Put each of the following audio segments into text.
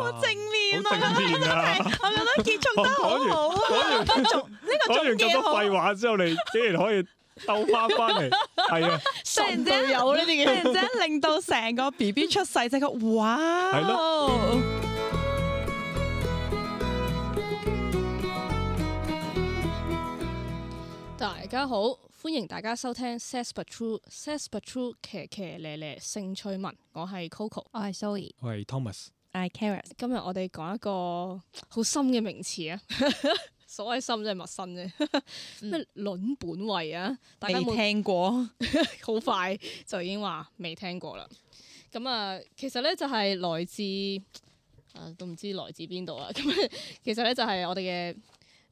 好正，正面啊！我覺得係，啊、覺得結束得好好啊。呢個講完咁多廢話之後，你竟然可以兜翻翻嚟，係啊，甚至有呢啲嘅，甚至令到成個 B B 出世，即刻「個哇！係咯。大家好，歡迎大家收聽《Sex But True, Sex But True 奇奇奇賴賴》，《Sex But True 騎騎呢呢，性趣聞。我係 Coco，我係 Charis 我係 Thomas。Hi Charis，今日我哋講一個好深嘅名詞啊， 所謂深即係陌生啫，咩 卵本位啊，未、嗯、聽過，好 快就已經話未聽過啦。咁啊，其實咧就係、是、來自，啊都唔知來自邊度啊。咁其實咧就係、是、我哋嘅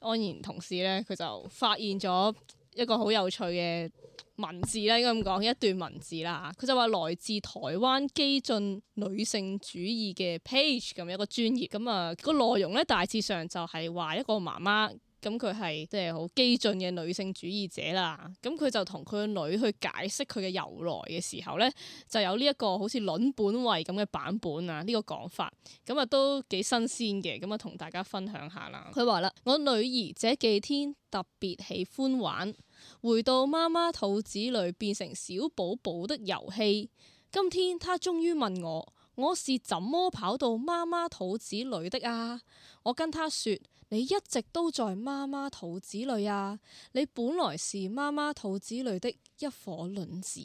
安然同事咧，佢就發現咗。一個好有趣嘅文字啦，應該咁講一段文字啦。佢就話來自台灣基進女性主義嘅 page 咁樣一個專頁，咁啊個內容咧大致上就係話一個媽媽。咁佢係即係好激進嘅女性主義者啦。咁佢就同佢個女去解釋佢嘅由來嘅時候呢就有呢一個好似卵本位咁嘅版本啊，呢個講法咁啊都幾新鮮嘅。咁啊同大家分享下啦。佢話啦：我女兒這幾天特別喜歡玩回到媽媽肚子裏變成小寶寶的遊戲。今天她終於問我：我是怎麼跑到媽媽肚子裏的啊？我跟佢說。你一直都在媽媽肚子裏呀。啊，你本來是媽媽肚子裏的一顆卵子，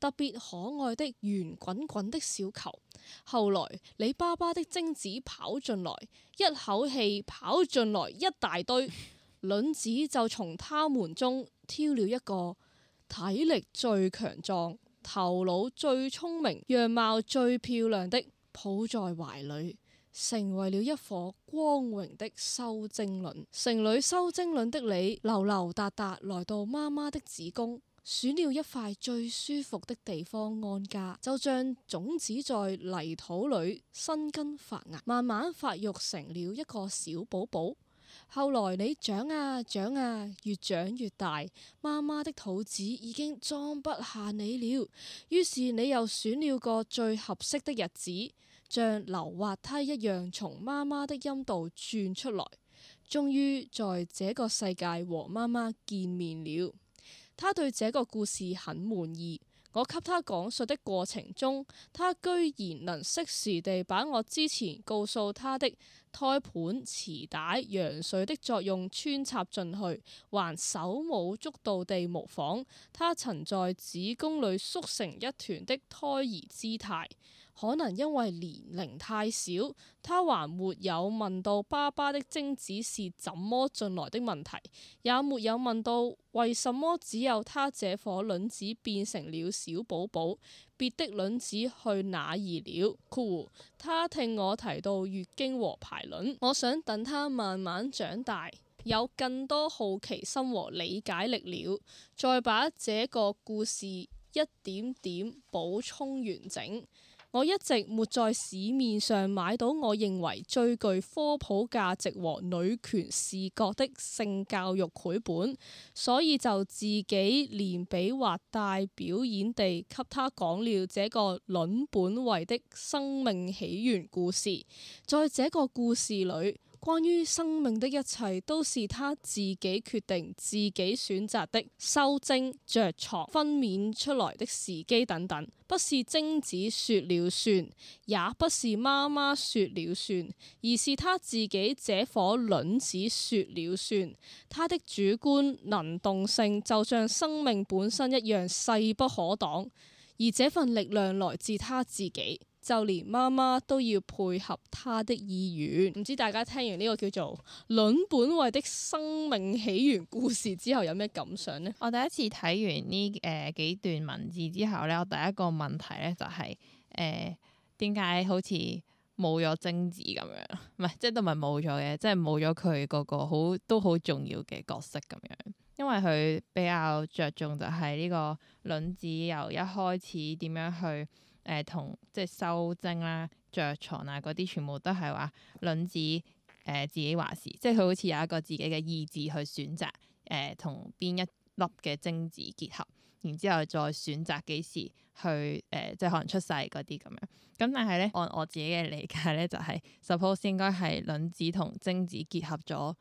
特別可愛的圓滾滾的小球。後來你爸爸的精子跑進來，一口氣跑進來一大堆 卵子，就從他們中挑了一個體力最強壯、頭腦最聰明、樣貌最漂亮的抱在懷裏。成為了一顆光榮的受精卵，成為受精卵的你，流流達達來到媽媽的子宮，選了一塊最舒服的地方安家，就像種子在泥土裏生根發芽，慢慢發育成了一個小寶寶。後來你長啊長啊，越長越大，媽媽的肚子已經裝不下你了，於是你又選了個最合適的日子。像流滑梯一樣從媽媽的陰道轉出來，終於在這個世界和媽媽見面了。她對這個故事很滿意。我給她講述的過程中，她居然能適時地把我之前告訴她的胎盤、臍帶、羊水的作用穿插進去，還手舞足蹈地模仿她曾在子宮裏縮成一團的胎兒姿態。可能因為年齡太小，他還沒有問到爸爸的精子是怎麼進來的問題，也沒有問到為什麼只有他這顆卵子變成了小寶寶，別的卵子去哪兒了。括弧，他聽我提到月經和排卵，我想等他慢慢長大，有更多好奇心和理解力了，再把這個故事一點點補充完整。我一直沒在市面上買到我認為最具科普價值和女權視角的性教育繪本，所以就自己連比劃帶表演地給他講了這個卵本位的生命起源故事。在這個故事裏，關於生命的一切都是他自己決定、自己選擇的，受精、着床、分娩出來的時機等等，不是精子説了算，也不是媽媽説了算，而是他自己這顆卵子説了算。他的主觀能動性就像生命本身一樣勢不可擋，而這份力量來自他自己。就連媽媽都要配合他的意願，唔知大家聽完呢個叫做卵本位的生命起源故事之後有咩感想呢？我第一次睇完呢誒幾段文字之後咧，我第一個問題咧就係誒點解好似冇咗精子咁樣？唔係，即係都唔係冇咗嘅，即係冇咗佢嗰個好都好重要嘅角色咁樣。因為佢比較着重就係呢個卵子由一開始點樣去。誒同即係收精啦、啊、着床啊嗰啲，全部都係話卵子誒、呃、自己話事，即係佢好似有一個自己嘅意志去選擇誒同邊一粒嘅精子結合，然之後再選擇幾時去誒、呃、即係可能出世嗰啲咁樣。咁但係咧，按我自己嘅理解咧，就係、是、suppose 應該係卵子同精子結合咗。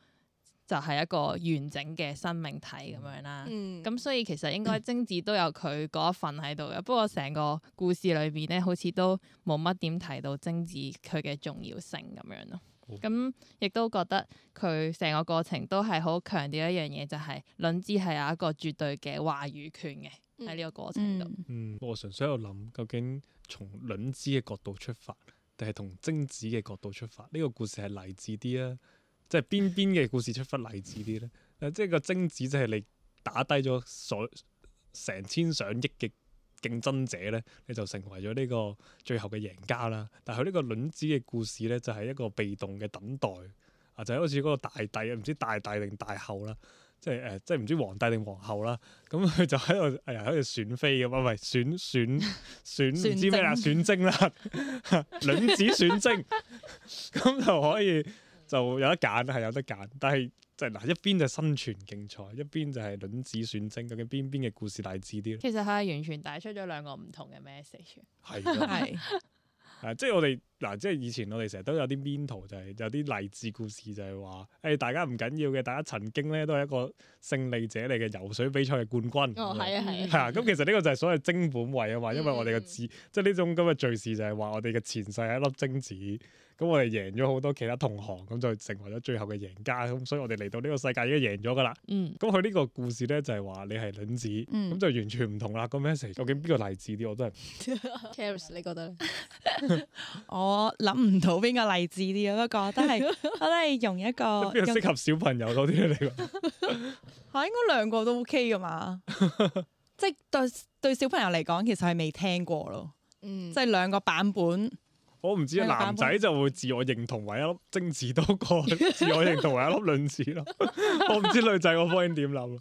就係一個完整嘅生命體咁樣啦，咁、嗯、所以其實應該精子都有佢嗰一份喺度嘅。嗯、不過成個故事裏邊咧，好似都冇乜點提到精子佢嘅重要性咁樣咯。咁亦都覺得佢成個過程都係好強調一樣嘢，就係卵子係有一個絕對嘅話語權嘅喺呢個過程度、嗯。嗯，我純粹喺度諗，究竟從卵子嘅角度出發，定係同精子嘅角度出發？呢、呢個故事係勵志啲啊？即係邊邊嘅故事出忽例子啲咧？即係個精子即係你打低咗所成千上億嘅競爭者咧，你就成為咗呢個最後嘅贏家啦。但係佢呢個卵子嘅故事咧，就係、是、一個被動嘅等待啊，就是、好似嗰個大帝啊，唔知大帝定大後啦，即係誒、呃，即係唔知皇帝定皇后啦。咁佢就喺度誒，喺、哎、度選妃咁啊？唔係選選選唔知咩啦？選精啦，卵子選精，咁就可以。就有得揀，係有得揀，但係即係嗱，一邊就生存競賽，一邊就係卵子選精，究竟邊邊嘅故事勵志啲咧？其實佢係完全帶出咗兩個唔同嘅 message。係的，係 、啊，即係我哋嗱、啊，即係以前我哋成日都有啲邊圖，就係有啲勵志故事就，就係話誒，大家唔緊要嘅，大家曾經咧都係一個勝利者嚟嘅游水比賽嘅冠軍。哦，係啊，係啊，係啊，咁其實呢個就係所謂精本位啊嘛，因為我哋嘅字，即係呢種咁嘅敘事就係話我哋嘅前世係一粒精子。咁我哋贏咗好多其他同行，咁就成為咗最後嘅贏家。咁所以我哋嚟到呢個世界已經贏咗噶啦。嗯，咁佢呢個故事咧就係、是、話你係卵子，咁、嗯、就完全唔同啦。那個 message 究竟邊個勵志啲？我都係，Charis 你覺得， 覺得？我諗唔到邊個勵志啲啊？不過都係都係用一個，邊個適合小朋友多啲嚟講？吓， 應該兩個都 OK 噶嘛？即係 對對小朋友嚟講，其實係未聽過咯。即係兩個版本。我唔知的男仔就會自我認同為一粒精子多過 自我認同為一粒卵子咯。 我唔知女仔個方面點諗。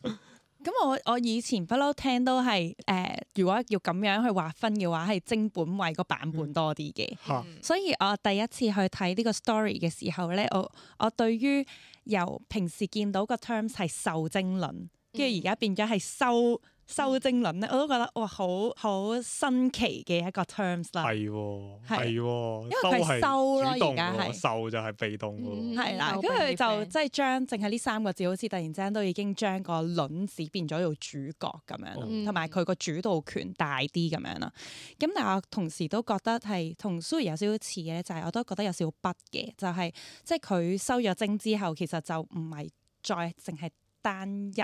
咁我我以前不嬲聽都係誒，如果要咁樣去劃分嘅話，係精本位個版本多啲嘅。嗯、所以我第一次去睇呢個 story 嘅時候咧，我我對於由平時見到個 terms 係受精卵，跟住而家變咗係收。收精卵咧，我都覺得哇，好好新奇嘅一個 terms、嗯、啦。係、嗯，係，因為係收咯，而家係受就係被動咯。係啦，跟住佢就即係將淨係呢三個字，好似突然之間都已經將個卵子變咗做主角咁樣咯，同埋佢個主導權大啲咁樣啦。咁、嗯嗯、但係我同時都覺得係同 s u 怡有少少似咧，就係、是、我都覺得有少少不嘅，就係即係佢收咗精之後，其實就唔係再淨係單一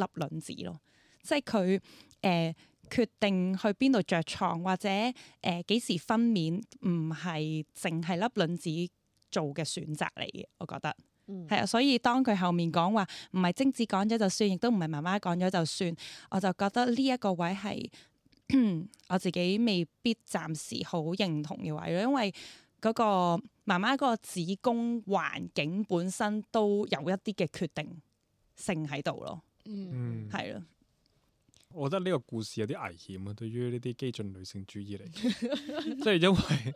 粒卵子咯。即係佢誒決定去邊度着床，或者誒幾、呃、時分娩，唔係淨係粒卵子做嘅選擇嚟嘅。我覺得係啊，嗯、所以當佢後面講話唔係精子講咗就算，亦都唔係媽媽講咗就算，我就覺得呢一個位係我自己未必暫時好認同嘅位咯，因為嗰個媽媽嗰個子宮環境本身都有一啲嘅決定性喺度咯。嗯，係咯。我覺得呢個故事有啲危險啊，對於呢啲基進女性主義嚟，即係 因為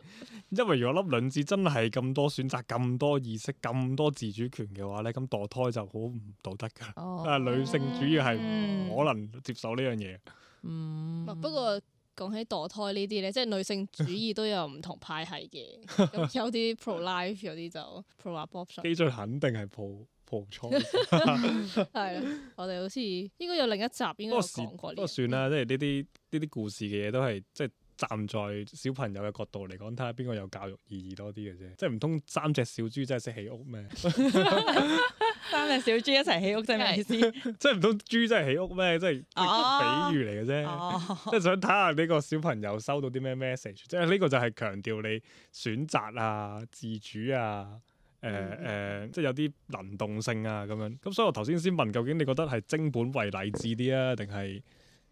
因為如果粒卵子真係咁多選擇、咁多意識、咁多自主權嘅話咧，咁墮胎就好唔道德㗎啦。哦、女性主義係唔可能接受呢樣嘢。嗯，不，不過講起墮胎呢啲咧，即係女性主義都有唔同派系嘅， 有啲 pro life，有啲就 pro abortion。基進肯定係 pro。錯係， 我哋好似應該有另一集應該講過。不過算啦，即係呢啲呢啲故事嘅嘢都係即係站在小朋友嘅角度嚟講，睇下邊個有教育意義多啲嘅啫。即係唔通三隻小豬真係識 起屋咩？三隻小豬一齊起屋真係咩意思？即係唔通豬真係起屋咩？即係比喻嚟嘅啫，即係、oh, oh. 想睇下呢個小朋友收到啲咩 message。即係呢個就係強調你選擇啊、自主啊。誒誒、呃呃，即係有啲能動性啊咁樣，咁所以我頭先先問，究竟你覺得係精本位勵志啲啊，定係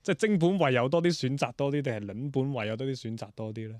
即係精本位有多啲選擇多啲，定係卵本位有多啲選擇多啲呢？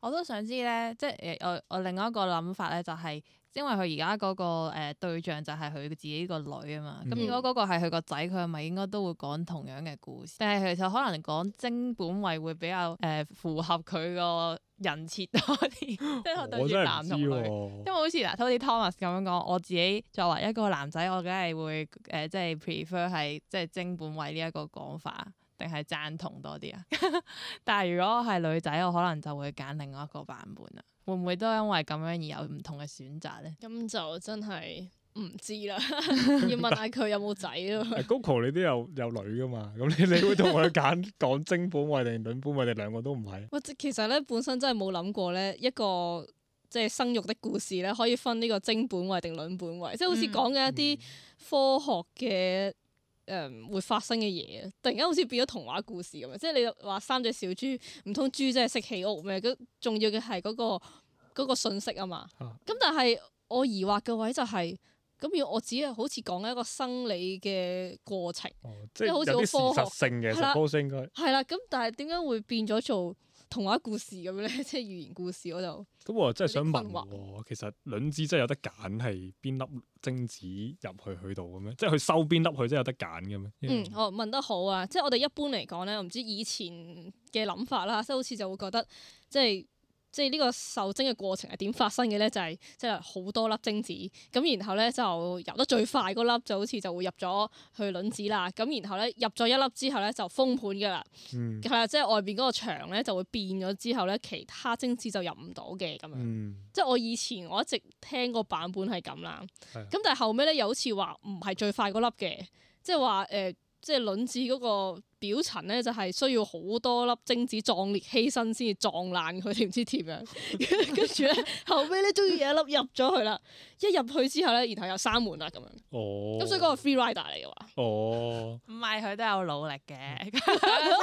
我都想知咧，即係誒我我另外一個諗法咧、就係，就係因為佢而家嗰個誒、呃、對象就係佢自己個女啊嘛。咁、嗯、如果嗰個係佢個仔，佢係咪應該都會講同樣嘅故事？但係其實可能講精本位會比較誒、呃、符合佢個人設多啲，嗯、 即係對住男同女。因為好似嗱，好似 Thomas 咁樣講，我自己作為一個男仔，我梗係會誒、呃、即係 prefer 係即係精本位呢一個講法。定係贊同多啲啊！ 但係如果我係女仔，我可能就會揀另外一個版本啦。會唔會都因為咁樣而有唔同嘅選擇咧？咁、嗯、就真係唔知啦。 要問下佢有冇仔咯。Google 你都有有女噶嘛？咁你會同我揀講精本位定卵本位定兩個都唔係？喂、嗯，其實咧本身真係冇諗過咧，一個即係生育的故事咧，可以分呢個精本位定卵本位，即係好似講緊一啲科學嘅。誒、嗯、會發生嘅嘢啊！突然間好似變咗童話故事咁樣，即係你話三隻小豬，唔通豬真係識起屋咩？咁重要嘅係嗰個嗰個信、那個、息啊嘛。咁但係我疑惑嘅位就係、是，咁我只係好似講一個生理嘅過程，哦、即係有啲科學性嘅，係啦的，係啦的。咁但係點解會變咗做童話故事咁咧，即係寓言故事，我就咁我真係想問喎，其實卵子真係有得揀係邊粒精子入去佢度嘅咩？即係佢收邊粒佢真係有得揀嘅咩？Yeah. 嗯，我問得好啊，即係我哋一般嚟講咧，我唔知以前嘅諗法啦，即係好似就會覺得即係。即係呢個受精嘅過程係點發生嘅咧？就係即係好多粒精子咁，然後咧就遊得最快嗰粒就好似就會入咗去卵子啦。咁然後咧入咗一粒之後咧就封盤㗎啦。係啦、嗯，即係外邊嗰個牆咧就會變咗之後咧，其他精子就入唔到嘅咁樣。嗯、即係我以前我一直聽個版本係咁啦。咁的但係後尾咧又好似話唔係最快嗰粒嘅，即係話誒。呃即係卵子嗰個表層咧，就係、是、需要好多粒精子壯烈犧牲先至撞爛佢哋，唔知點樣？跟住咧， 後尾咧終於有一粒入咗去啦。一入去之後咧，然後又閂門啦咁樣。哦。咁所以嗰個 free rider 嚟嘅話。哦。唔係佢都有努力嘅，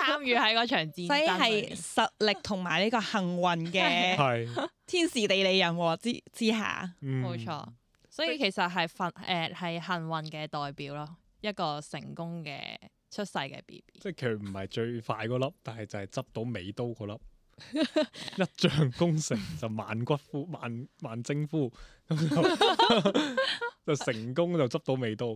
參與喺嗰場戰爭。但係實力同埋呢個幸運嘅，天時地利人和之之下，冇錯、 嗯。所以其實係奮誒係幸運嘅代表咯。一個成功嘅出世嘅 B B，即係佢唔係最快嗰粒，但係就係執到尾刀嗰粒， 一將功成就萬骨枯，萬萬精枯，征就， 就成功就執到尾刀。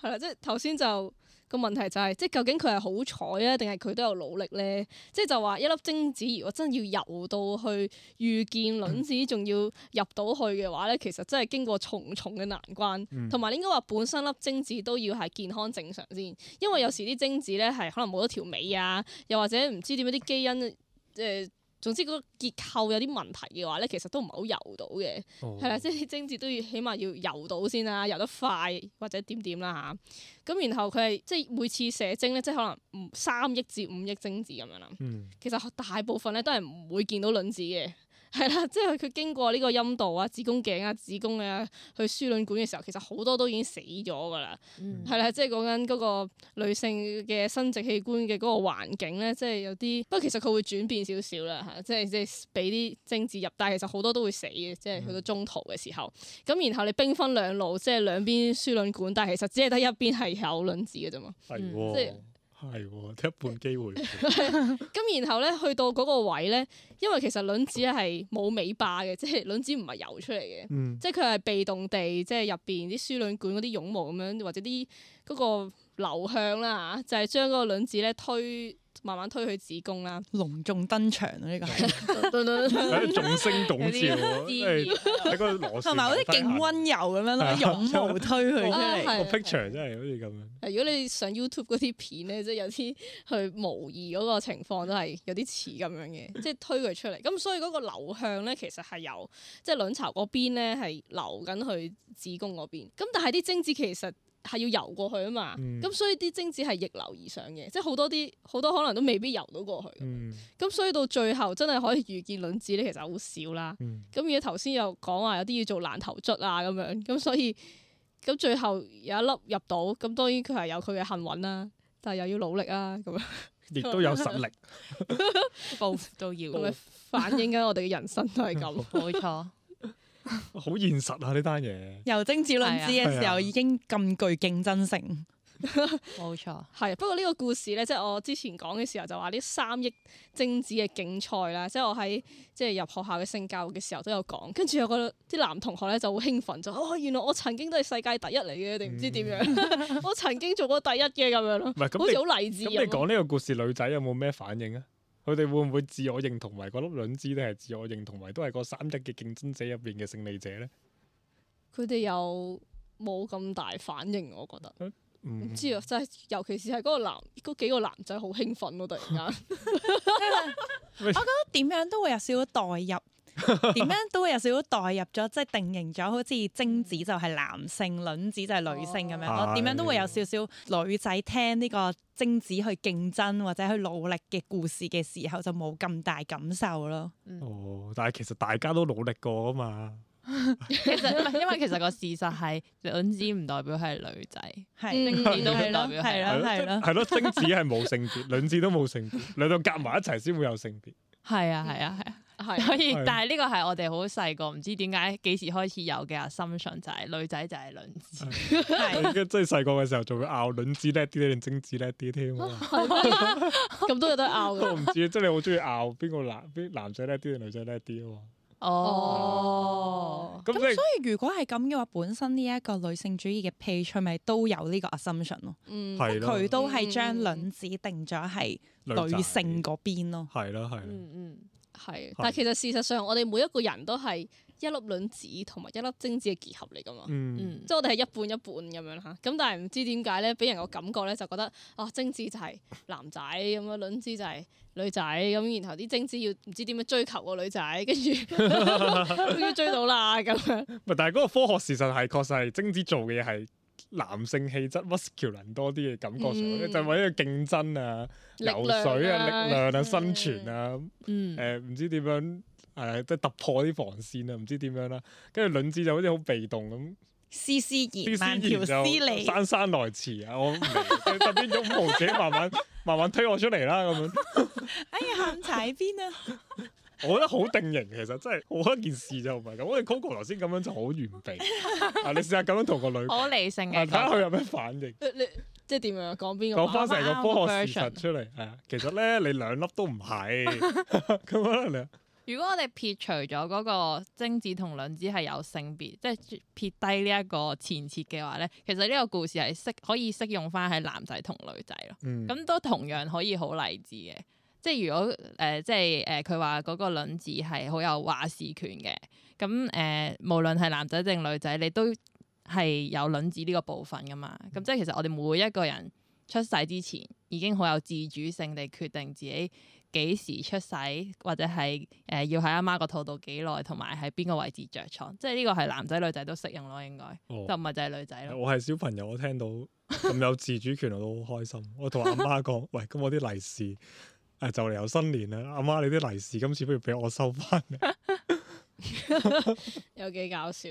係啦，即係頭先就。個問題就係、是，即係究竟佢係好彩啊，定係佢都有努力咧？即係就話一粒精子如果真係要游到去遇見卵子，仲要入到去嘅話咧，其實真係經過重重嘅難關，同埋、嗯、應該話本身粒精子都要係健康正常先，因為有時啲精子咧係可能冇咗條尾啊，又或者唔知點樣啲基因誒。呃總之嗰個結構有啲問題嘅話咧，其實都唔係好游到嘅，係啦、哦，即係精子都要起碼要游到先啦、啊，游得快或者點點啦嚇。咁然後佢係即係每次射精咧，即係可能唔三億至五億精子咁樣啦。嗯、其實大部分咧都係唔會見到卵子嘅。係啦，即係佢經過呢個陰道啊、子宮頸啊、子宮啊，去輸卵管嘅時候，其實好多都已經死咗㗎啦。係啦、嗯，即係講緊嗰個女性嘅生殖器官嘅嗰個環境咧，即係有啲，不過其實佢會轉變少少啦嚇，即係即係俾啲精子入，但係其實好多都會死嘅，即係去到中途嘅時候。咁、嗯、然後你兵分兩路，即係兩邊輸卵管，但係其實只係得一邊係有卵子㗎啫嘛。係喎、嗯。即係。係喎、哎，一半機會。咁 然後咧，去到嗰個位咧，因為其實卵子係冇尾巴嘅，即係卵子唔係游出嚟嘅，嗯、即係佢係被動地，即係入邊啲輸卵管嗰啲絨毛咁樣，或者啲嗰個流向啦嚇，就係將嗰個卵子咧推。慢慢推去子宮啦，隆重登場啦、啊，呢個係有啲眾星拱照咯，即同埋嗰啲勁温柔咁樣咯，緩推佢出嚟，個 picture 真係好似咁樣。 啊、如果你上 YouTube 嗰啲片咧， 即係有啲去模擬嗰個情況都，都係有啲似咁樣嘅，即係推佢出嚟。咁所以嗰個流向咧，其實係由即係、就是、卵巢嗰邊咧係流緊去子宮嗰邊。咁但係啲精子其實。係要遊過去啊嘛，咁、嗯嗯嗯、所以啲精子係逆流而上嘅，即係好多啲好多可能都未必遊到過去，咁所以到最後真係可以遇見卵子咧，其實好少啦。咁而家頭先又講話有啲要做爛頭卒啊咁樣，咁所以咁最後有一粒入到，咁當然佢係有佢嘅幸運啦、啊，但係又要努力啊咁樣，亦都有實力，報復都要，咪反映緊我哋嘅人生都係咁，冇、 mm, 錯。 好現實啊！呢單嘢由精子卵子嘅時候已經咁具競爭性 錯，冇錯，係。不過呢個故事咧，即係我之前講嘅時候就話呢三億精子嘅競賽啦，即係我喺即係入學校嘅性教育嘅時候都有講，跟住有個啲男同學咧就好興奮就哦，原來我曾經都係世界第一嚟嘅，你唔知點樣，嗯、 我曾經做過第一嘅，咁你樣咯，好似好勵志咁。你講呢個故事，女仔有冇咩反應啊？佢哋會唔會自我認同為嗰粒卵子，都係自我認同為都係嗰三一嘅競爭者入邊嘅勝利者咧？佢哋又冇咁大反應，我覺得唔、嗯、知啊，即係尤其是係嗰個男嗰幾個男仔好興奮咯，突然間，我覺得點樣都會有少少代入。點樣都會有少少代入咗，即係定型咗，好似精子就係男性，卵子就係女性咁樣咯。點樣都會有少少女仔聽呢個精子去競爭或者去努力嘅故事嘅時候，就冇咁大感受咯。哦，但係其實大家都努力過啊嘛。其實因為其實個事實係，卵子唔代表係女仔，係精子都唔代表係咯係咯。係咯，精子係冇性別，卵子都冇性別，兩度夾埋一齊先會有性別。係啊係啊係啊。係，所以但係呢個係我哋好細個，唔知點解幾時開始有嘅 assumption 就係女仔就係卵子，即係細個嘅時候仲會拗卵子叻啲定精子叻啲添，咁多嘢都拗嘅。 我唔知，即係你好中意拗邊個男邊男仔叻啲定女仔叻啲啊！哦、就是，咁所以如果係咁嘅話，本身呢一個女性主義嘅 page 咪都有呢個 assumption 咯，佢、嗯、了都係將卵子定咗係女性嗰邊咯，係咯係咯，嗯嗯嗯係，但係其實事實上，我哋每一個人都係一粒卵子同埋一粒精子嘅結合嚟噶嘛，即係、嗯嗯、我哋係一半一半咁樣嚇。咁但係唔知點解咧，俾人個感覺咧就覺得啊、哦，精子就係男仔咁樣，卵子就係女仔咁，然後啲精子要唔知點樣追求個女仔，跟住終於追到啦咁樣。咪但係嗰個科學事實係確實係精子做嘅嘢係，男性氣質 muscular 多啲嘅感覺，嗯、就為咗競爭啊、游水啊、力量啊、嗯、生存啊，誒唔、嗯呃、知點樣，誒、呃、即係突破啲防線啊，唔知點樣啦、啊，跟住卵子就好似好被動咁，絲絲然慢條斯理，姍姍人來遲啊，我唔明，特別擁護者慢慢 慢慢推我出嚟啦，咁樣， 哎呀，喊踩邊啊！我覺得好定型，其實真係好一件事就唔係咁。我哋 Coco 頭先咁樣就好完備，嗱 你試下咁樣同個女，好理性，嘅。睇下佢有咩反應。即係點樣講邊個？講翻成個科學事實出嚟，係啊，其實咧你兩粒都唔係咁可能。 如果我哋撇除咗嗰個精子同卵子係有性別，即係撇低呢一個前設嘅話咧，其實呢個故事係適可以適用翻喺男仔同女仔咯。咁、嗯、都同樣可以好勵志嘅。即係如果誒、呃，即係誒，佢話嗰個卵子係好有話事權嘅。咁誒、呃，無論係男仔定女仔，你都係有卵子呢個部分噶嘛。咁即係其實我哋每一個人出世之前，已經好有自主性地決定自己幾時出世，或者係誒、呃、要喺阿媽個肚度幾耐，同埋喺邊個位置着床。即係呢個係男仔女仔都適用咯，應該。哦。就唔係淨係女仔咯。我係小朋友，我聽到咁有自主權，我都好開心。 我同阿媽講：喂，咁我啲利是。啊、就嚟有新年啦！阿媽，媽，你啲利是今次不如俾我收翻， 有幾搞笑？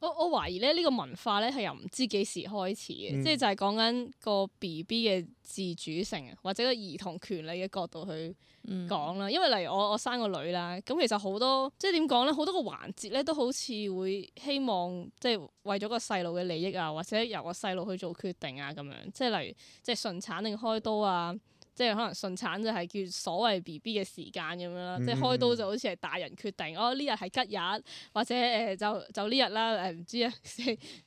我我懷疑咧，呢、呢個文化咧係由唔知幾時開始嘅，嗯、即係就係講緊個 BB 嘅自主性啊，或者個兒童權利嘅角度去講啦。嗯、因為例如我我生個女啦，咁其實好多即係點講咧？好多個環節咧都好似會希望即係為咗個細路嘅利益啊，或者由個細路去做決定啊咁樣。即係例如即係順產定開刀啊？即係可能順產就係叫所謂 BB 嘅時間咁樣啦，嗯、即係開刀就好似係大人決定，嗯、哦，呢日係吉日，或者誒、呃、就就呢日啦，誒，唔知啊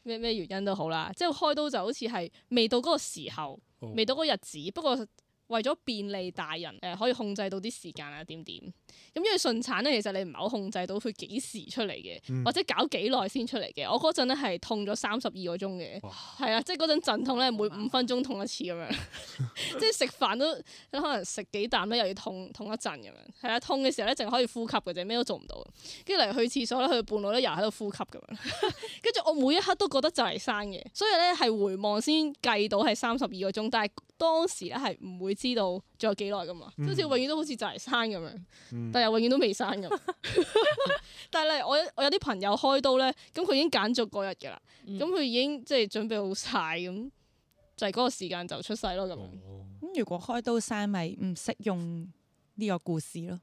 咩咩原因都好啦，即係開刀就好似係未到嗰個時候，哦、未到嗰個日子，不過，為咗便利大人，誒、呃、可以控制到啲時間啊點點，咁因為順產咧，其實你唔係好控制到佢幾時出嚟嘅，嗯、或者搞幾耐先出嚟嘅。我嗰陣咧係痛咗三十二個鐘嘅，係哇啊，即係嗰陣陣痛咧，每五分鐘痛一次咁樣， 即係食飯都，可能食幾啖咧又要痛痛一陣咁樣。係啊，痛嘅時候咧淨係可以呼吸嘅啫，咩都做唔到。跟住嚟去廁所咧，去半路咧又喺度呼吸咁樣。跟 住我每一刻都覺得就嚟生嘅，所以咧係回望先計到係三十二個鐘，但係當時咧係唔會知道仲有幾耐噶嘛？好似、嗯、永遠都好似就嚟生咁樣，嗯、但又永遠都未生咁。 但係我我有啲朋友開刀咧，咁佢已經揀咗嗰日噶啦，咁佢、嗯、已經即係準備好晒。咁，就係、是、嗰個時間就出世咯咁。咁、哦、樣如果開刀生咪唔識用呢個故事咯？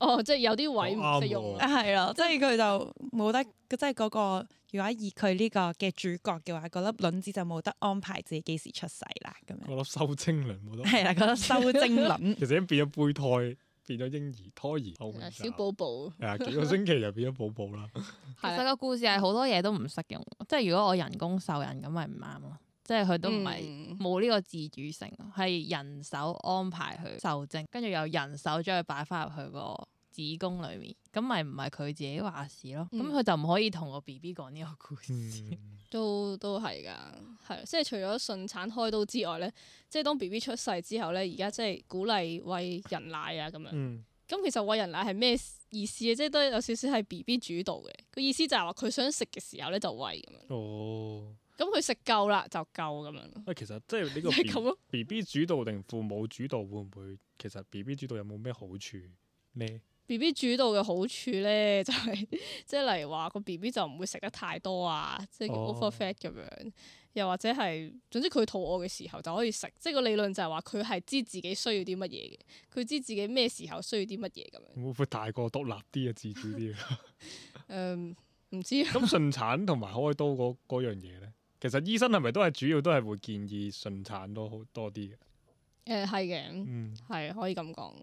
哦，即係有啲位唔適用，係咯，啊嗯、即係佢就冇得，即係嗰、嗰個如果以佢呢個嘅主角嘅話，嗰粒卵子就冇得安排自己幾時出世啦，咁樣。嗰粒受精卵冇得。係啦， 嗰粒受精卵。 其實已經變咗胚胎，變咗嬰兒、胎兒，胎兒胎兒小寶寶。係啊，幾個星期就變咗寶寶啦。 其實個故事係好多嘢都唔適用， 即係如果我人工受孕咁，咪唔啱咯。即係佢都唔係冇呢個自主性，係、嗯、人手安排佢受精，跟住又人手將佢擺翻入佢個子宮裏面，咁咪唔係佢自己話事咯。咁佢、嗯、就唔可以同個 B B 講呢個故事，嗯、都都係噶，係。即係除咗順產開刀之外咧,即係當 B B 出世之後咧，而家即係鼓勵喂人奶啊咁、嗯、樣。咁其實喂人奶係咩意思啊？即係都有少少係 B B 主導嘅，個意思就係話佢想食嘅時候咧就喂咁樣。哦咁佢食夠啦，就夠咁樣。喂、啊，其實即係呢個 B B 主導定父母主導會唔會？其實 B B 主導有冇咩好處咧？B B 主導嘅好處咧，就係、是、即係例如話個 B B 就唔會食得太多啊，即係 overfed 咁樣。哦、又或者係，總之佢肚餓嘅時候就可以食。即係個理論就係話佢係知自己需要啲乜嘢嘅，佢知自己咩時候需要啲乜嘢咁樣。會唔會大個獨立啲啊， 自主啲啊？誒、嗯，唔知啊。咁順產同埋開刀嗰樣嘢咧？其實醫生係咪都係主要都係會建議順產多好多啲嘅？誒，係嘅，嗯，係可以咁講，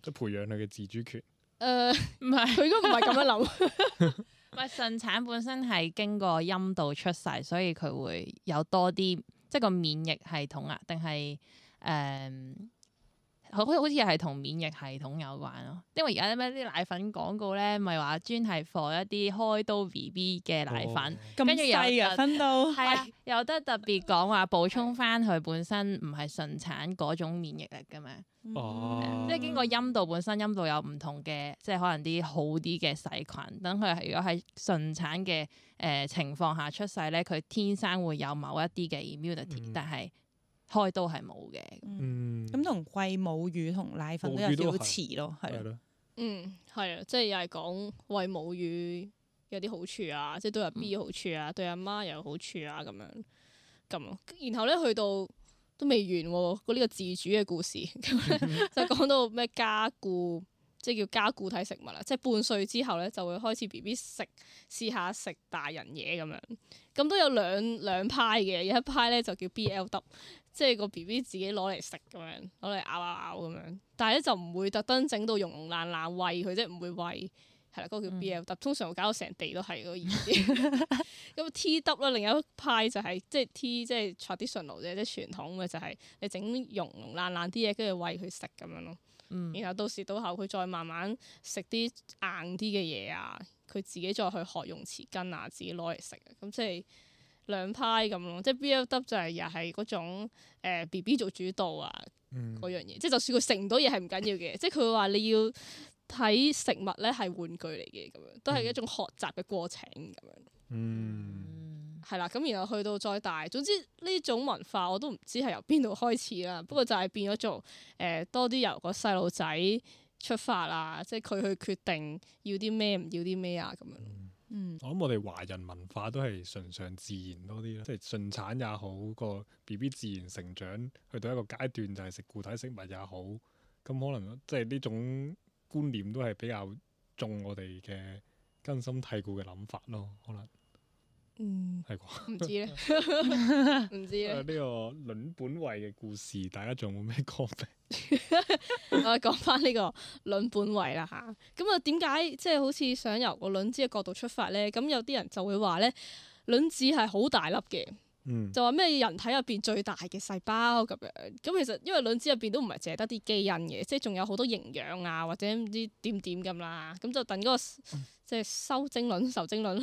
即係、嗯、培養佢嘅自主權。誒，唔係，佢 應該唔係咁樣諗，唔係順產本身係經過陰道出世，所以佢會有多啲即係個免疫系統啊，定係誒。呃好，好似係同免疫系統有關咯，啊。因為而家咩啲奶粉廣告咧，咪話專係放一啲開刀 BB 嘅奶粉，跟住又分到，係 啊， 有得特別講話補充翻佢本身唔係順產嗰種免疫力㗎嘛。哦、嗯嗯，即係經過陰道本身陰道有唔同嘅，即係可能啲好啲嘅細菌。等佢如果喺順產嘅誒、呃、情況下出世咧，佢天生會有某一啲嘅 immunity，但係，開都係冇嘅，咁咁同喂母乳同奶粉都有少少似咯，係咯，的的嗯係啊，即係又係講喂母乳有啲好處啊，即係對阿 B 好處啊，嗯、對阿媽又有好處啊咁樣咁，然後咧去到都未完，嗰、這、呢個自主嘅故事 就講到咩加固，即係叫加固體食物啦，即係半歲之後咧就會開始 B B 食試下食大人嘢咁樣，咁都有兩兩派嘅，有一派咧就叫 B L W。即係個 B B 自己攞嚟食咁樣，攞嚟咬咬咬咁樣，但係咧就唔會特登整到溶茸爛爛餵佢，即係，唔會餵。係啦，嗰、那個叫 B L W，嗯、但通常搞到成地都係嗰、那個意思。咁 T W 啦，另一派就係、是、即係 T，即係 traditional 即係傳統嘅就係、是、你整溶茸爛爛啲嘢跟住餵佢食咁樣咯。嗯、然後到時到後佢再慢慢食啲硬啲嘅嘢啊，佢自己再去學用匙羹啊，自己攞嚟食啊，咁即係。兩派咁咯，即係 BFD 就係又係嗰種 BB、呃、做主導啊，嗰、嗯、樣嘢，即係就算佢食唔到嘢係唔緊要嘅，嗯、即係佢會話你要睇食物咧係玩具嚟嘅，咁樣都係一種學習嘅過程咁樣。嗯，係啦、嗯，咁然後去到再大，總之呢種文化我都唔知係由邊度開始啦，不過就係變咗做誒、呃、多啲由個細路仔出發啊，即係佢去決定要啲咩唔要啲咩啊咁樣。嗯。嗯，我諗我哋華人文化都係崇尚自然多啲咯，即係順產也好，個 B B 自然成長去到一個階段就係食固體食物也好，咁可能即係呢種觀念都係比較重我哋嘅根深蒂固嘅諗法咯，可能。嗯，係啩？ 唔知咧，唔知咧。呢個卵本位嘅故事，大家仲有冇咩講？我講翻呢個卵本位啦吓。咁啊，點解即係好似想由個卵子嘅角度出發咧？咁有啲人就會話咧，卵子係好大粒嘅。嗯、就話咩人體入邊最大嘅細胞咁樣，咁其實因為卵子入邊都唔係淨係得啲基因嘅，即係仲有好多營養啊或者唔知點點咁啦，咁就等嗰、嗰個即係、嗯、收精卵受精卵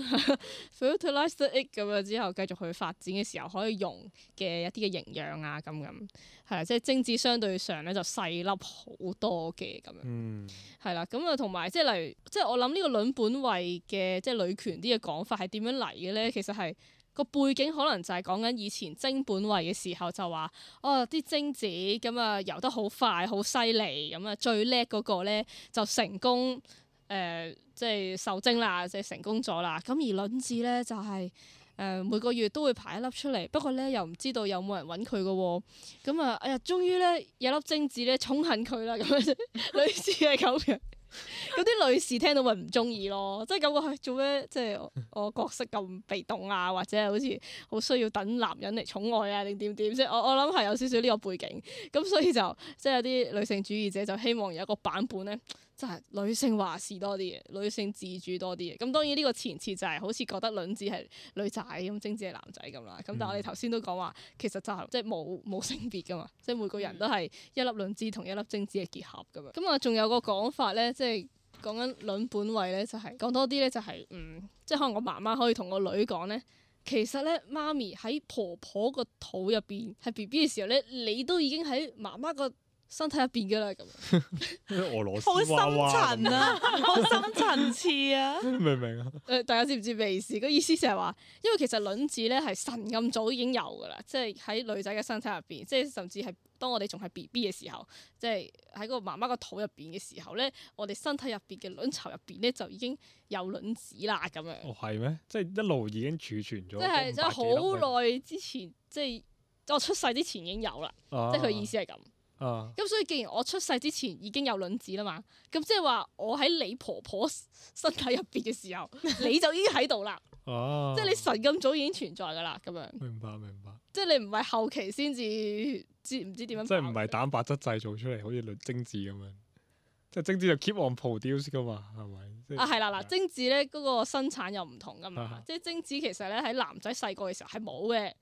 fertilized egg 咁樣之後繼續去發展嘅時候可以用嘅一啲嘅營養啊咁咁，係啊，即係、即係、精子相對上咧就細粒好多嘅咁樣，係啦、嗯，咁啊同埋即係例如即係、即係、我諗呢個卵本位嘅即係女權啲嘅講法係點樣嚟嘅咧，其實係。個背景可能就係講緊以前精本位嘅時候就話，哦，啲精子咁啊游得好快，好犀利咁啊，最叻嗰個咧就成功誒、呃，即係受精啦，即係成功咗啦。咁而卵子咧就係、是、誒、呃、每個月都會排一粒出嚟，不過咧又唔知道有冇人揾佢嘅喎。咁、嗯、啊哎呀，終於咧有粒精子咧寵幸佢啦，咁樣子，女士係咁嘅。 有啲 女士聽到咪唔中意咯，即係感覺係做咩，即係我角色咁被動啊，或者係好似好需要等男人嚟寵愛啊，定點點，即係我我諗係有少少呢個背景，咁所以就即係有啲女性主義者就希望有一個版本咧。就係女性話事多啲嘅，女性自主多啲嘅。咁當然呢個前設就係好似覺得卵子係女仔咁，精子係男仔咁啦。咁、嗯、但係我哋頭先都講話，其實就係即係冇冇性別噶嘛，即、就、係、是、每個人都係一粒卵子同一粒精子嘅結合咁樣。咁啊、嗯，仲有個講法呢、就是、講法咧，即係講緊卵本位咧，就係、是、講多啲咧、就是嗯，就係嗯，即係可能我媽媽可以同個女講咧，其實咧，媽咪喺婆婆個肚入邊係 B B 嘅時候咧，你都已經喺媽媽個身體入邊噶啦咁，俄羅斯好深層啊，好深層次啊，明唔明啊？誒，大家知唔知咩意思？個意思就係話，因為其實卵子咧係神咁早已經有噶啦，即係喺女仔嘅身體入邊，即係甚至係當我哋仲係 B B 嘅時候，即係喺個媽媽個肚入邊嘅時候咧，我哋身體入邊嘅卵巢入邊咧就已經有卵子啦，咁樣。哦，係咩？即係一路已經儲存咗，即係即係好耐之前，即係我出世之前已經有啦，即係佢意思係咁。咁、啊、所以既然我出世之前已經有卵子啦嘛，咁即係話我喺你婆婆身體入邊嘅時候， 你就已經喺度啦。哦、啊，即係你神咁早已經存在噶啦，咁樣。明白，明白。即係你唔係後期先至知唔知點樣？即係唔係蛋白質製造出嚟，好似卵精子咁樣？即、就、係、是、精子就 keep on produce 噶嘛，係咪？啊，係啦，嗱，精子咧嗰、嗰個生產又唔同噶嘛，即係哈精子其實咧喺男仔細個嘅時候係冇嘅。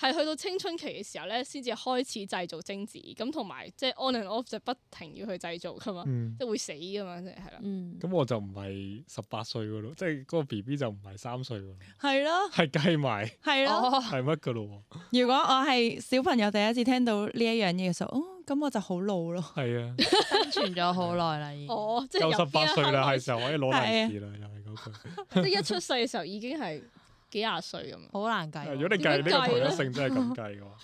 係去到青春期嘅時候咧，先至開始製造精子，咁同埋即係 on and off 就不停要去製造噶嘛，即係會死噶嘛，即係係啦。咁我就唔係十八歲噶咯，即係嗰個 B B 就唔係三歲噶咯。係咯。係計埋。係咯。係乜噶咯？如果我係小朋友第一次聽到呢一樣嘢嘅時候，哦，咁我就好老咯。係啊。生存咗好耐啦，已經。哦，即係夠十八歲啦，係時候可以攞零錢啦，又係嗰句。即係一出世嘅時候已經係。幾廿歲咁，好難計啊。如果你計呢個同一性，真係咁計嘅話，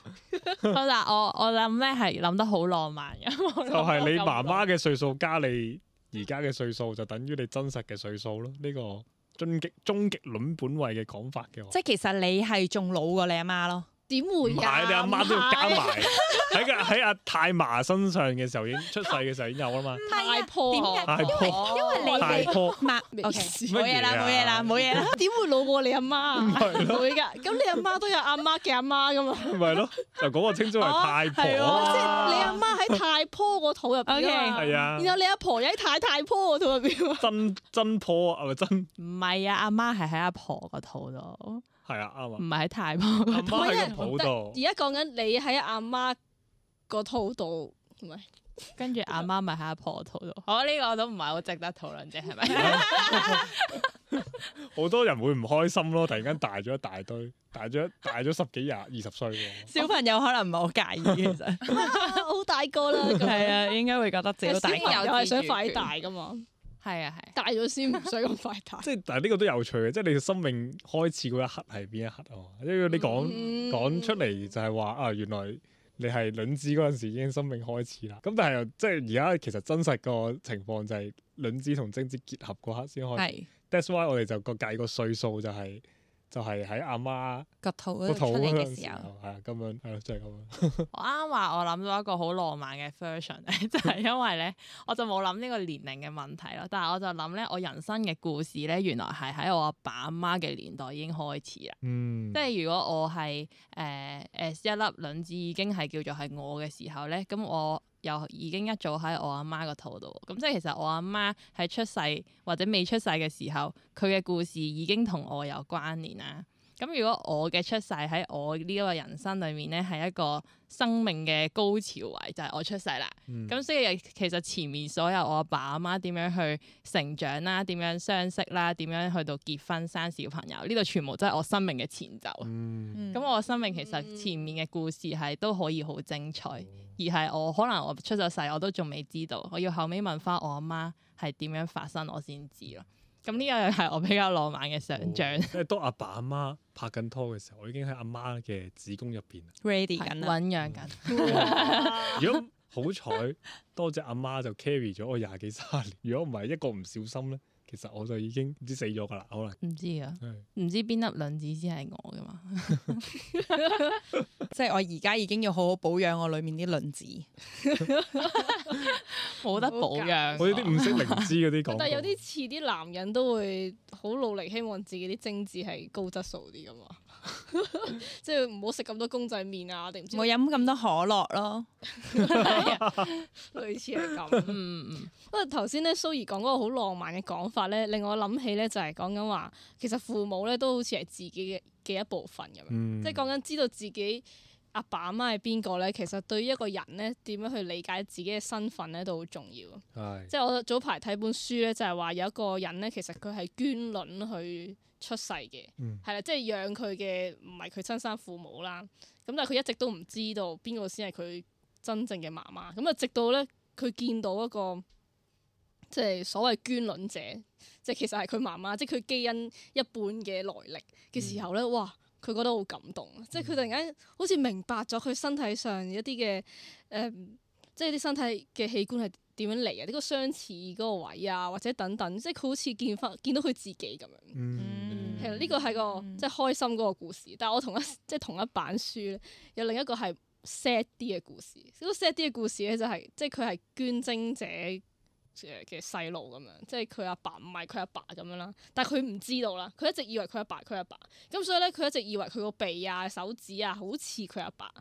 嗱 我我諗咧係諗得好浪漫嘅。 就係你媽媽嘅歲數加你而家嘅歲數，就等於你真實嘅歲數咯。呢、這個終極終極卵本位嘅講法嘅話。即係其實你係仲老過你阿媽咯。點會呀？唔係你阿媽都要搞埋喺個喺阿太嫲身上嘅時候，已經出世嘅時候已經有啦嘛。太婆，太婆，太婆。冇嘢啦，冇嘢啦，冇嘢啦。點會老過你阿媽？唔會噶，咁你阿媽都有阿媽嘅阿媽噶嘛？咪咯，就嗰個稱之為太婆。即係你阿媽喺太婆個肚入邊係啊。然後你阿婆又喺太太婆個肚入邊。真真婆係咪真？唔係啊，阿媽係喺阿婆個肚度。係啊，啱啊，唔係喺太婆阿媽嘅肚度。而家講緊你喺阿媽個肚度，唔係跟住阿媽咪喺阿婆肚度。我呢個都唔係好值得討論啫，係咪？好 多人會唔開心咯，突然間大咗一大堆，大咗大咗十幾廿二十歲。小朋友可能唔係好介意嘅啫，其實 啊、好大個啦。係啊，應該會覺得自己大，小朋友係想快大噶嘛。係啊，係，大咗先唔使咁快大。即係但係呢個都有趣嘅，即係你嘅生命開始嗰一刻係邊一刻啊？因為你講講、嗯、出嚟就係話啊，原來你係卵子嗰陣時已經生命開始啦。咁但係又即係而家其實真實個情況就係卵子同精子結合嗰刻先開始。是 That's why 我哋就個計個歲數就係、是。就係喺阿媽個肚嗰度出嚟嘅時候，係啊，咁樣係咯，就係、是、咁樣。 我啱啱話我諗到一個好浪漫嘅 version， 就係因為咧，我就冇諗呢個年齡嘅問題咯。但係我就諗咧，我人生嘅故事咧，原來係喺我阿爸阿媽嘅年代已經開始啦。嗯，即係如果我係誒誒一粒卵子已經係叫做係我嘅時候咧，咁我，又已經一早喺我阿媽個肚度，咁、嗯、即係其實我阿媽喺出世或者未出世嘅時候，佢嘅故事已經同我有關聯啦。咁如果我嘅出世喺我呢一個人生裏面咧，係一個生命嘅高潮位，就係、是、我出世啦。咁、嗯、所以其實前面所有我阿爸阿媽點樣去成長啦，點樣相識啦，點樣去到結婚生小朋友，呢度全部都係我生命嘅前奏。咁、嗯、我生命其實前面嘅故事係都可以好精彩，嗯、而係我可能我出咗世我都仲未知道，我要後尾問翻我阿媽係點樣發生，我先知咯。咁呢樣係我比較浪漫嘅想像。即係當阿爸阿媽，媽拍緊拖嘅時候，我已經喺阿媽嘅子宮入邊啦，ready 緊，醞釀緊。 如果好彩多謝阿媽，媽就 carry 咗我廿幾三十年，如果唔係一個唔小心咧。其實我就已經唔知死咗噶啦，可能唔知啊，唔是知邊粒卵子先係我噶嘛？ 即係我而家已經要好好保養我裏面啲卵子，冇 得保養。我呢啲唔識明知嗰啲講，但係有啲似啲男人都會好努力，希望自己啲精子係高質素啲噶嘛。 即係唔好食咁多公仔麵啊，定唔知？唔好飲咁多可樂咯， 啊、 類似係咁、嗯。嗯嗯，不過頭先咧 Zoie 講嗰個好浪漫嘅講法咧，令我諗起咧就係講緊話，其實父母咧都好似係自己嘅嘅一部分咁樣，嗯、即係講緊知道自己。阿爸阿媽係邊個咧？其實對於一個人咧，點樣去理解自己嘅身份咧，都好重要。係，即係我早排睇本書咧，就係話有一個人咧，其實佢係捐卵去出世嘅，係啦、嗯，即係養佢嘅唔係佢親生父母啦。咁但係佢一直都唔知道邊個先係佢真正嘅媽媽。咁啊，直到咧佢見到一個即係所謂捐卵者，即係其實係佢媽媽，即係佢基因一半嘅來歷嘅時候咧，嗯、哇！佢覺得好感動，即係佢突然間好似明白咗佢身體上一啲嘅誒，即係啲身體嘅器官係點樣嚟嘅？呢個相似嗰個位啊，或者等等，即係佢好似見翻見到佢自己咁樣。嗯嗯、其實呢個係個即係、嗯、開心嗰個故事，但係我同一即係同一版書咧，有另一個係 sad 啲嘅故事。呢個 sad 啲嘅故事咧就係、是、即係佢係捐精者。嘅嘅細路咁樣，即係佢阿爸唔係佢阿爸咁樣啦，但係佢唔知道啦，佢一直以為佢阿爸佢阿爸，咁所以咧佢一直以為佢個鼻啊、手指啊好似佢阿爸，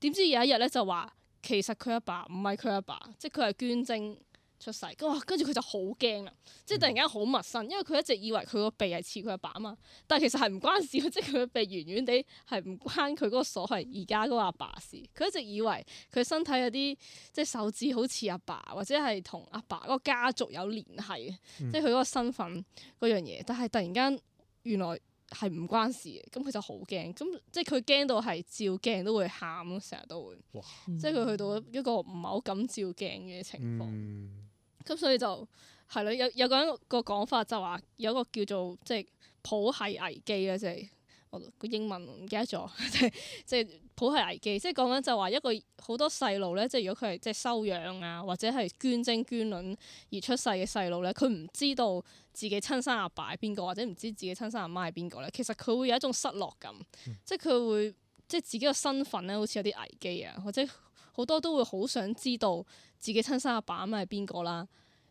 點知有一日咧就話其實佢阿爸唔係佢阿爸，即係佢係捐精。出世咁跟住佢就好驚啦，即係突然間好陌生，因為佢一直以為佢個鼻係似佢阿爸啊嘛，但係其實係唔關事，即係佢個鼻圓圓地係唔關佢嗰個所謂而家嗰個阿爸，爸事。佢一直以為佢身體有啲即係手指好似阿爸，爸，或者係同阿爸嗰個家族有聯繫，嗯、即係佢嗰個身份嗰樣嘢。但係突然間原來係唔關事嘅，咁佢就好驚，咁即係佢驚到係照鏡都會喊咯，成日都會，哇即係佢去到一個唔係好敢照鏡嘅情況。嗯咁所以就係咯，有有個人個講法就話有個叫做即係普系危機咧，我個英文唔記得咗，即係即係普系危機，即係講緊就話、是 就是、一個好多細路咧，即係如果佢係即係收養啊，或者係捐精捐卵而出世嘅細路咧，佢唔知道自己親生阿爸係邊個，或者唔知自己親生阿媽係邊個咧，其實佢會有一種失落感，嗯、即係佢會即係自己個身份咧，好似有啲危機啊，或者。好多都會好想知道自己親生阿爸阿媽係邊個啦，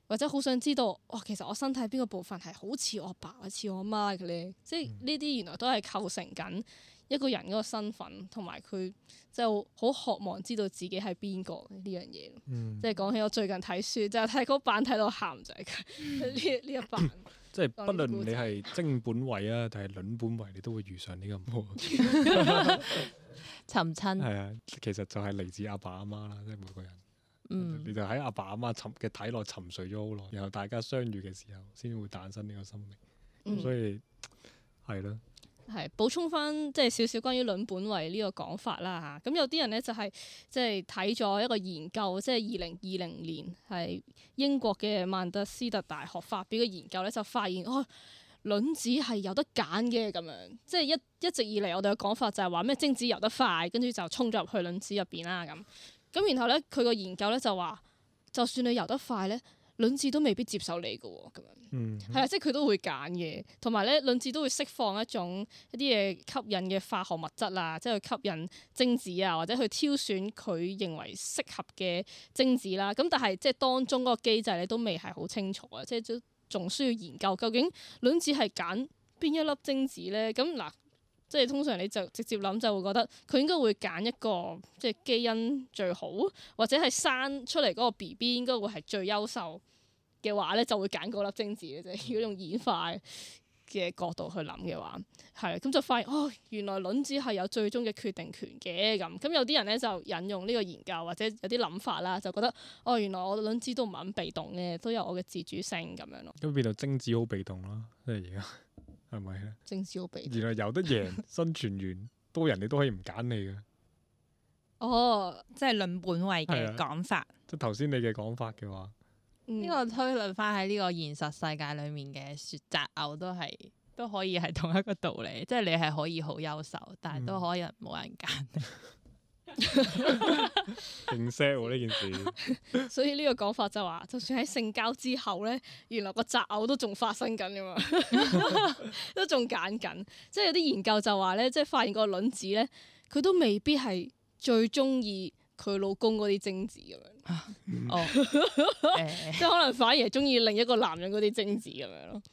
或者好想知道哇、哦、其實我身體邊個部分係好似我阿爸，好似我阿媽嘅咧，即係呢啲原來都係構成緊一個人嗰個身份，同埋佢就好渴望知道自己係邊個呢樣嘢。嗯、即係講起我最近睇書就係睇嗰版睇到喊就係呢呢一版。嗯 即係，不論你係精本位啊，定係卵本位，你都會遇上呢個母親。 沉親。係啊，其實就係嚟自阿爸阿媽啦，即係每個人。嗯。你就喺阿爸阿媽沉嘅體內沉睡咗好耐，然後大家相遇嘅時候，先會誕生呢個生命。嗯。所以係咯。係補充翻即係少少關於卵本位呢個講法啦嚇，咁、嗯、有啲人咧就係、是、即係睇咗一個研究，即係二零二零年係英國嘅曼德斯特大學發表嘅研究咧，就發現哦卵子係有得揀嘅咁樣，即係一一直以嚟我哋嘅講法就係話咩精子遊得快，跟住就衝咗入去卵子入邊啦，咁，咁然後咧佢個研究咧就話，就算你遊得快咧，卵子都未必接受你嘅、哦，咁樣、嗯哼，係啊，即係佢都會揀嘅。同埋咧，卵子都會釋放一種一啲嘢吸引嘅化學物質啦，即係去吸引精子啊，或者去挑選佢認為適合嘅精子啦。咁但係即係當中嗰個機制你都未係好清楚嘅，即係仲需要研究究竟卵子係揀邊一粒精子咧。咁嗱，即係通常你就直接諗就會覺得佢應該會揀一個即係基因最好，或者係生出嚟嗰個 BB 應該會係最優秀嘅話咧就會揀嗰粒精子嘅啫。如果用演化嘅角度去諗嘅話，係咁就發現哦，原來卵子係有最終嘅決定權嘅。咁咁有啲人咧就引用呢個研究或者有啲諗法啦，就覺得哦，原來我卵子都唔係咁被動嘅，都有我嘅自主性咁樣咯。咁變到精子好被動咯，即係而家係咪咧？是是精子好被動。原來由得贏， 生存完多人你都可以唔揀你嘅。哦，即係卵本位嘅講法。即係頭先你嘅講法嘅話。呢、嗯、個推論翻喺呢個現實世界裏面嘅説擇偶，都係都可以係同一個道理，即係你係可以好優秀，但係都可能冇人揀。勁 sad 喎呢件事。所以呢個講法就話，就算喺性交之後咧，原來個擇偶都仲發生緊㗎嘛， 都仲揀緊。即係有啲研究就話咧，即係發現個卵子咧，佢都未必係最中意。佢老公嗰啲精子咁樣，嗯、哦，欸、 即係可能反而係中意另一個男人嗰啲精子咁樣咯。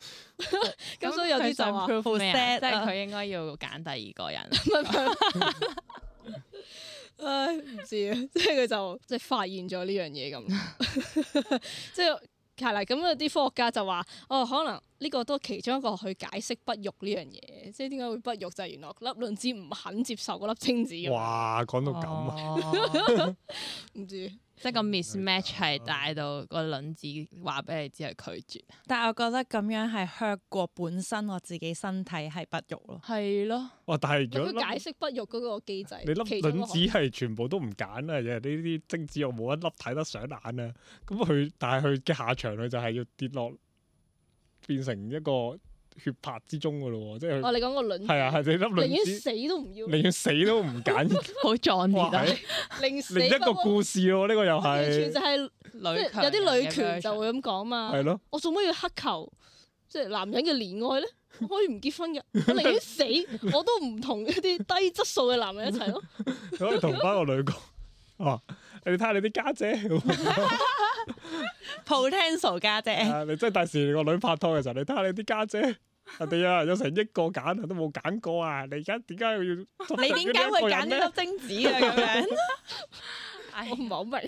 咁所以有啲就話，即係佢應該要揀第二個人。 唉，唔知啊，即係佢就即係、就係、發現咗呢樣嘢咁。即係。係啦，咁啊啲科學家就話：哦，可能呢個都係其中一個去解釋不育呢樣嘢，即係點解會不育就係，原來粒卵子唔肯接受嗰粒精子。哇！講到咁啊，唔 知。即係個 mismatch 係帶到個卵子話俾你知係拒絕，但係我覺得咁樣係 hurt 過本身我自己身體係不育咯。係咯。哇！但係如果解釋不育嗰個機制，你粒卵子係全部都唔揀啊！即係呢啲精子我冇一粒睇得上眼啊！咁佢但係佢嘅下場佢就係要跌落變成一個血泊之中噶咯，即係我哋講個卵，係啊，係只粒卵子，寧願死都唔要，寧願死都唔揀，好壯烈，另另一個故事咯，呢個又係完全就係女。有啲女權就會咁講嘛，係咯，我做乜要乞求，即係男人嘅憐愛咧？可以唔結婚嘅，我寧願死，我都唔同一啲低質素嘅男人一齊咯。你可以同翻個女講啊，你睇下你啲家姐，potential 家姐，你即係第時個女拍拖嘅時候，你睇下你啲家姐。人哋啊，有成一個揀都冇揀過啊！你而家點解要？你點解會揀呢粒精子嘅咁樣？哎，我唔係好明。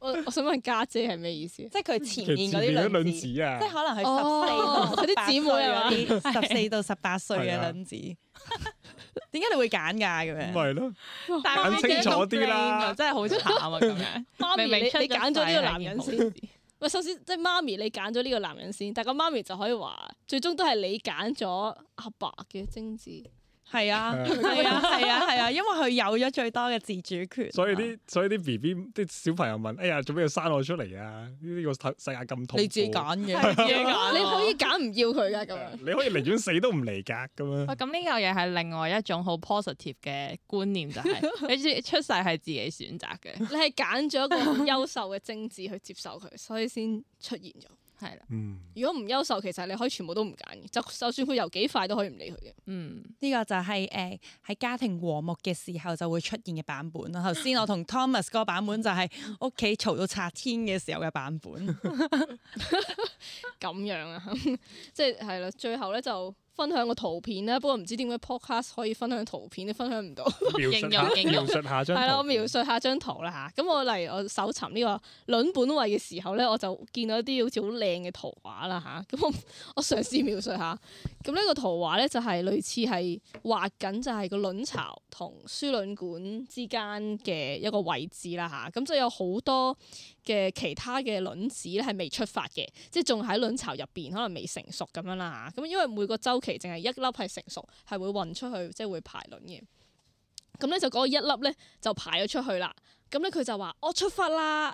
我我想問家姐係咩意思？即係佢前面嗰啲卵子啊，即係可能係十四、佢啲姊妹嗰啲十四到十八歲嘅卵子。點解你會揀噶咁樣？咪咯，揀清楚啲啦，真係好慘啊！咁樣，明明你揀咗呢個男人先。喂，首先即係媽咪，你揀咗呢個男人先，但係個媽咪就可以話，最終都係你揀咗阿爸嘅精子。係啊，係 啊，係啊，係啊,啊，因為佢有咗最多嘅自主權所。所以啲所以啲 B B 啲小朋友問：哎呀，做咩要生我出嚟啊？呢、這個世界咁痛苦你自己揀嘅，啊、 你可以揀唔要佢噶咁樣。你可以寧願死都唔嚟噶咁樣。啊、 哦，咁呢嚿嘢係另外一種好 positive 嘅觀念就係、是，你出出世係自己選擇嘅。 你係揀咗一個優秀嘅精子去接受佢，所以先出現咗。係啦，嗯、如果唔優秀，其實你可以全部都唔揀嘅，就就算佢有幾快都可以唔理佢嘅。嗯，呢個就係誒喺家庭和睦嘅時候就會出現嘅版本啦。頭先我同 Thomas 嗰個版本就係屋企嘈到拆天嘅時候嘅版本，咁 樣啊，即係係啦，最後咧就。分享個圖片啦，不過唔知點解 Podcast 可以分享圖片，你分享唔到。描述下， 描述下圖，我描述下張圖啦。咁我嚟，我搜尋呢個卵本位嘅時候咧，我就見到一啲好似好靚嘅圖畫啦嚇。咁我我嘗試描述下。咁呢 個圖畫咧就係、是、類似係畫緊就係個卵巢同輸卵管之間嘅一個位置啦嚇。咁即係有好多。嘅其他嘅卵子咧係未出發嘅，即係仲喺卵巢入邊，可能未成熟咁樣啦嚇。咁因為每個週期淨係一粒係成熟，係會運出去，即係會排卵嘅。咁咧就嗰一粒咧就排咗出去啦。咁咧佢就話：我出發啦！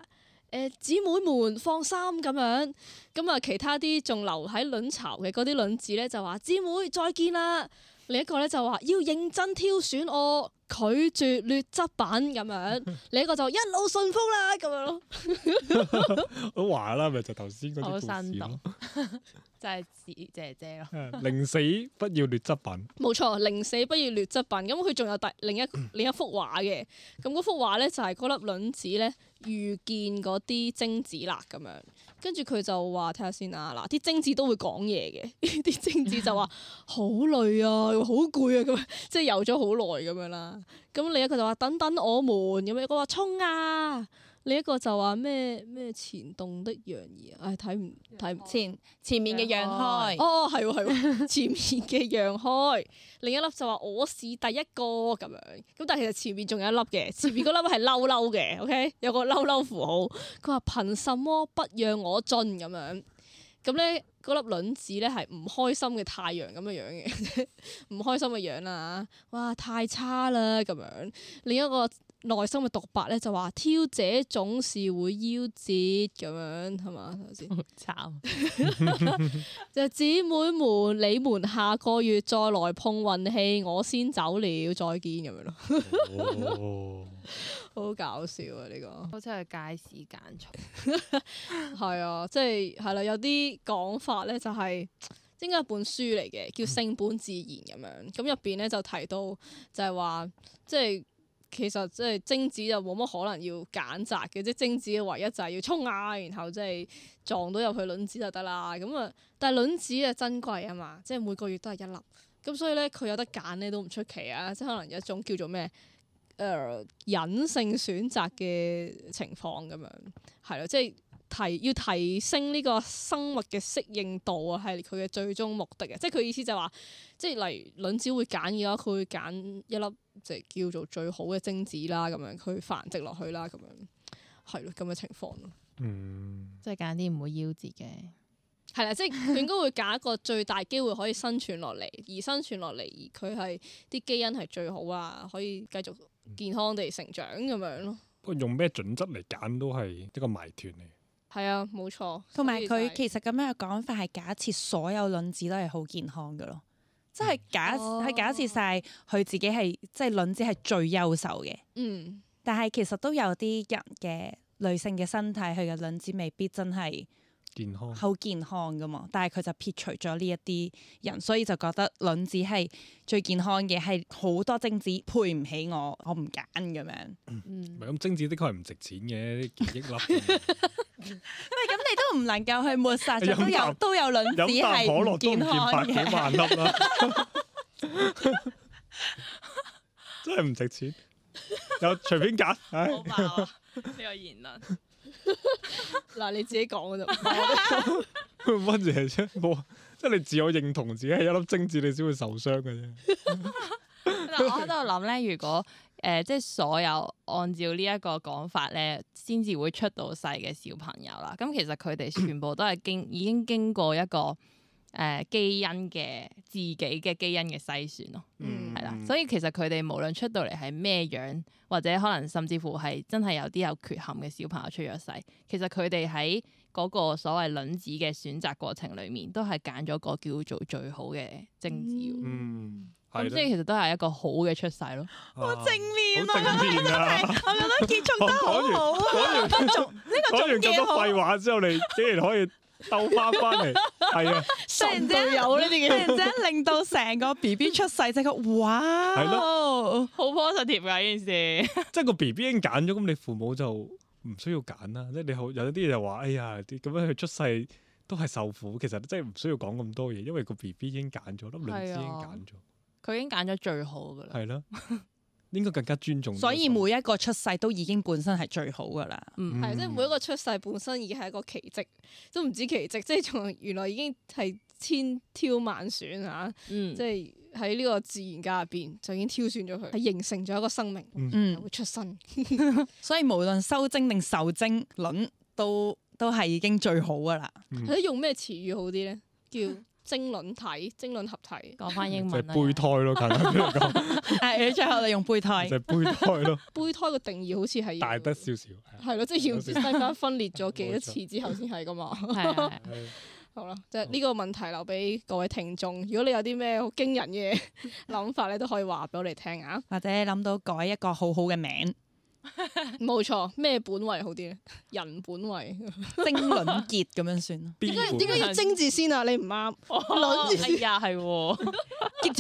誒、呃，姊妹們放心咁樣。咁啊，其他啲仲留喺卵巢嘅嗰啲卵子咧就話：姊妹再見啦！另一個咧就話要認真挑選我。拒絕劣質版咁樣，你個就一路順風啦咁樣咯。好話啦，咪就頭先嗰啲故就係姐姐咯。寧死不要劣質品。冇錯，寧死不要劣質品。咁佢仲有第另一 另一幅畫嘅。咁嗰幅畫咧就係嗰粒卵子咧遇見嗰啲精子啦咁樣。跟住佢就話睇下先啊，嗱，啲精子都會講嘢嘅。啲 精子就話 好累啊，好攰啊咁樣，即係游咗好耐咁樣啦。咁另一個佢就話等等我們咁樣，佢話衝啊！另一個就話咩咩前動的樣兒、哎前哦、啊，唉睇唔睇唔前前面嘅讓開哦係喎係喎前面嘅讓開，另一粒就話我是第一個咁樣，咁但係其實前面仲有一粒嘅，前面嗰粒係嬲嬲嘅，OK 有個嬲嬲符號，佢話憑什麼不讓我進咁樣，咁咧嗰粒卵子咧係唔開心嘅太陽咁嘅樣嘅，唔開心嘅樣啊，哇太差啦咁樣，另一個。內心嘅獨白咧就話：挑者總是會夭折咁樣，係嘛？頭先，慘。 就姊妹們，你們下個月再來碰運氣，我先走了，再見咁樣咯。 哦、好搞笑啊！呢、這個，好似街市揀餸。係 啊，即係係啦，有啲講法咧就係、是，應該係一本書嚟嘅，叫《性本自然》咁樣。咁入邊咧就提到就，就係、是、話，即係。其實即係精子就冇乜可能要揀擇嘅，即係精子唯一就係要衝啊，然後即係撞到入去卵子就得啦。咁啊，但係卵子啊珍貴啊嘛，即係每個月都係一粒。咁所以咧，佢有得揀咧都唔出奇啊。即係可能有一種叫做咩誒、呃、隱性選擇嘅情況咁樣，係咯，即係。提要提升呢個生物嘅適應度啊，係佢嘅最終目的嘅，即係佢意思就係話，即係例如卵子會揀嘅話，佢會揀一粒就叫做最好嘅精子啦，咁樣佢繁殖落去啦，咁樣係咯咁嘅情況咯，嗯。即係揀啲唔會夭折嘅，係啦，即係佢應該會揀一個最大機會可以生存落嚟， 而生存落嚟佢係啲基因係最好啊，可以繼續健康地成長咁樣咯。不過用咩準則嚟揀都係一個謎團嚟。係啊，冇錯。同埋佢其實咁樣嘅講法係假設所有卵子都係好健康㗎咯，即係假係、哦、假設晒佢自己係即係卵子係最優秀嘅。嗯。但係其實都有啲人嘅女性嘅身體，佢嘅卵子未必真係好健康㗎嘛，但係佢就撇除咗呢一啲人，所以就覺得卵子係最健康嘅，係好多精子配唔起我，我唔揀咁樣。唔係咁精子的確係唔值錢嘅，幾億粒。喂、 啊，咁 你都唔能夠去抹殺咗都有喝都有卵子可係健都唔見百幾萬粒啦。 真係唔值錢，有隨便揀。呢 個言論。嗱，你自己講嘅啫，温字係啫，冇即係你自我認同自己係一粒精子，你先會受傷嘅啫。嗱 我喺度諗咧，如果誒、呃、即係所有按照呢一個講法咧，先至會出到世嘅小朋友啦，咁其實佢哋全部都係經已經經過一個。誒、呃、基因嘅自己嘅基因嘅篩選咯，係啦、嗯，所以其實佢哋無論出到嚟係咩樣，或者可能甚至乎係真係有啲有缺陷嘅小朋友出咗世，其實佢哋喺嗰個所謂卵子嘅選擇過程裡面，都係揀咗個叫做最好嘅精子。嗯，咁即係其實都係一個好嘅出世咯。好、啊、正面啊！我、啊啊、 覺得結束得係好好啊！講完咁 多廢話之後，你竟然可以～笑 兜翻翻嚟，係啊，雖然真係有呢啲嘢，然之令到成個 B B 出世，就個哇，係咯的，好 positive 噶呢件事。即係個 B B 已經揀咗，咁你父母就唔需要揀啦。即係你好有一啲嘢就話，哎呀，啲咁樣佢出世都係受苦，其實真係唔需要講咁多嘢，因為個 B B 已經揀咗，咁兩支已經揀咗，佢已經揀咗最好噶啦。應該更加尊重。所以每一個出世都已經本身係最好噶啦，嗯，係即係每一個出世本身已係一個奇蹟，都唔止奇蹟，即係從原來已經係千挑萬選嚇，嗯，即係喺呢個自然界入邊就已經挑選咗佢，係形成咗一個生命，嗯，會出生。 所以無論收精定受精卵都都係已經最好噶啦。誒，嗯嗯，用咩詞語好啲咧？叫精卵體、精卵合體，講翻英文啊！就胚胎咯，簡單啲講。最後你用胚胎。就胚胎咯。胚胎個定義好似係大得少少。係咯，即係要唔知大家分裂咗幾多次之後先係噶嘛？好啦，即係呢個問題留俾各位聽眾。如果你有啲咩好驚人嘅諗法，你都可以話俾我哋聽啊。 或者諗到改一個好好嘅名。冇錯，咩本位好啲咧？人本位，精卵結咁樣算啦。點解點解要精字先啊？你唔啱，卵字先啊，係喎。哎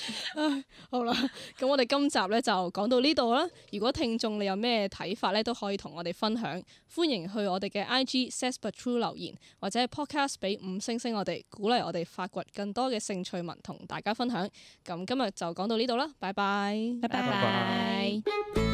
唉，好啦，咁我哋今集呢就講到呢度啦。如果聽眾你有咩睇法呢，都可以同我哋分享。歡迎去我哋嘅 I G sexbuttrue 留言，或者 podcast 俾五星星我哋鼓勵我哋發掘更多嘅性趣聞同大家分享。咁今日就講到呢度啦，拜拜，拜拜拜。Bye bye bye bye